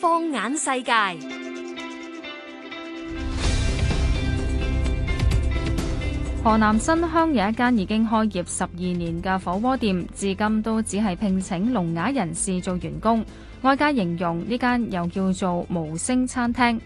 放眼世界，河南新鄉有一間已經開業十二年嘅火鍋店，至今都只係聘請聾啞人士做員工，外界形容呢間又叫做無聲餐廳。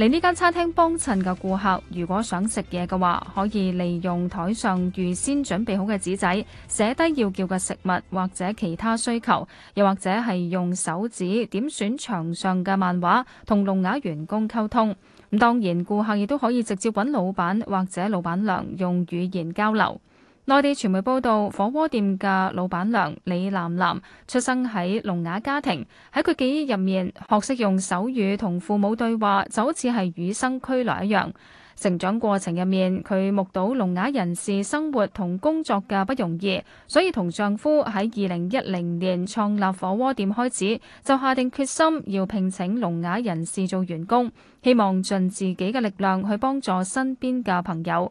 嚟呢間餐廳幫襯嘅顧客，如果想食嘢嘅話，可以利用台上預先準備好嘅紙仔寫低要叫嘅食物或者其他需求，又或者係用手指點選牆上嘅漫畫同聾啞員工溝通。咁當然顧客亦都可以直接揾老闆或者老闆娘用語言交流。內地傳媒報道，火鍋店嘅老闆娘李楠楠出生喺聾啞家庭，喺佢記憶入面，學識用手語同父母對話就好似係與生俱來一樣。成長過程入面，佢目睹聾啞人士生活同工作嘅不容易，所以同丈夫喺二零一零年創立火鍋店開始，就下定決心要聘請聾啞人士做員工，希望盡自己嘅力量去幫助身邊嘅朋友。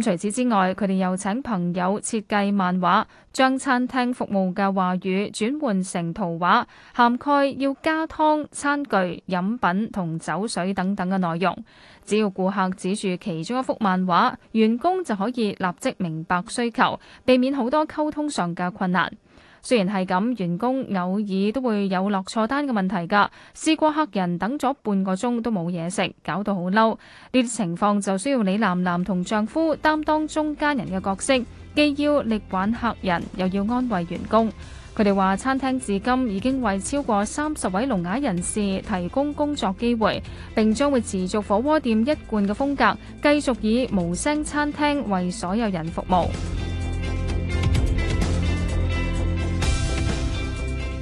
除此之外，佢哋又請朋友設計漫畫，將餐廳服務嘅話語轉換成圖畫，涵蓋要加湯、餐具、飲品同酒水等等嘅內容。只要顧客指住其中一幅漫畫，員工就可以立即明白需求，避免好多溝通上嘅困難。雖然係咁，員工偶爾都會有落錯單嘅問題㗎。試過客人等咗半個鐘都冇嘢食，搞到好嬲。呢啲情況就需要李楠楠同丈夫擔當中間人嘅角色，既要力挽客人，又要安慰員工。佢哋話：餐廳至今已經為超過三十位聾啞人士提供工作機會，並將會持續火鍋店一貫嘅風格，繼續以無聲餐廳為所有人服務。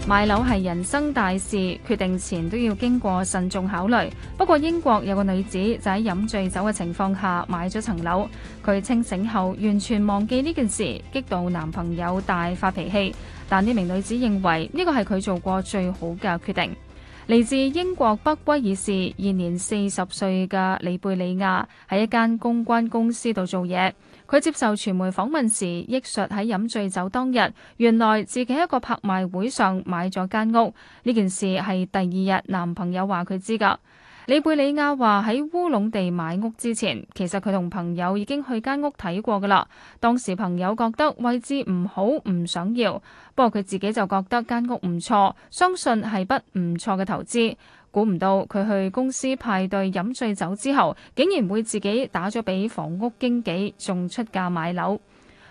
買樓係人生大事，決定前都要經過慎重考慮。不過英國有個女子就喺飲醉酒嘅情況下買咗層樓，佢清醒後完全忘記呢件事，激到男朋友大發脾氣。但呢名女子認為呢個係佢做過最好嘅決定。嚟自英國北威爾士，現年四十歲嘅李貝里亞，喺一間公關公司度做嘢。佢接受傳媒訪問時，憶述喺飲醉酒當日，原來自己喺一個拍賣會上買咗間屋。呢件事係第二日男朋友話佢知噶。里貝里亞話喺烏龍地買屋之前，其實佢同朋友已經去間屋睇過噶啦。當時朋友覺得位置唔好，唔想要，不過佢自己就覺得間屋唔錯，相信係筆唔錯嘅投資。估唔到佢去公司派對飲醉酒之後竟然會自己打咗俾房屋經紀仲出價買樓，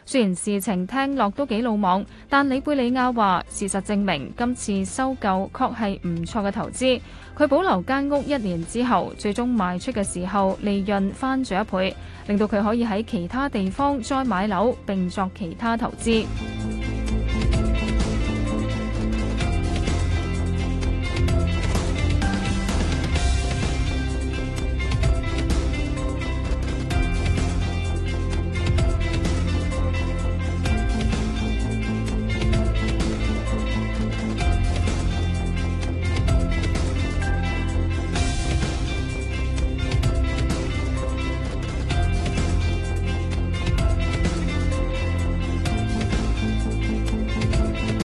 雖然事情聽落都幾魯莽，但里貝里亞話事實證明今次收購確係唔錯嘅投資，佢保留間屋一年之後最終賣出嘅時候，利潤翻咗一倍，令到佢可以喺其他地方再買樓並作其他投資。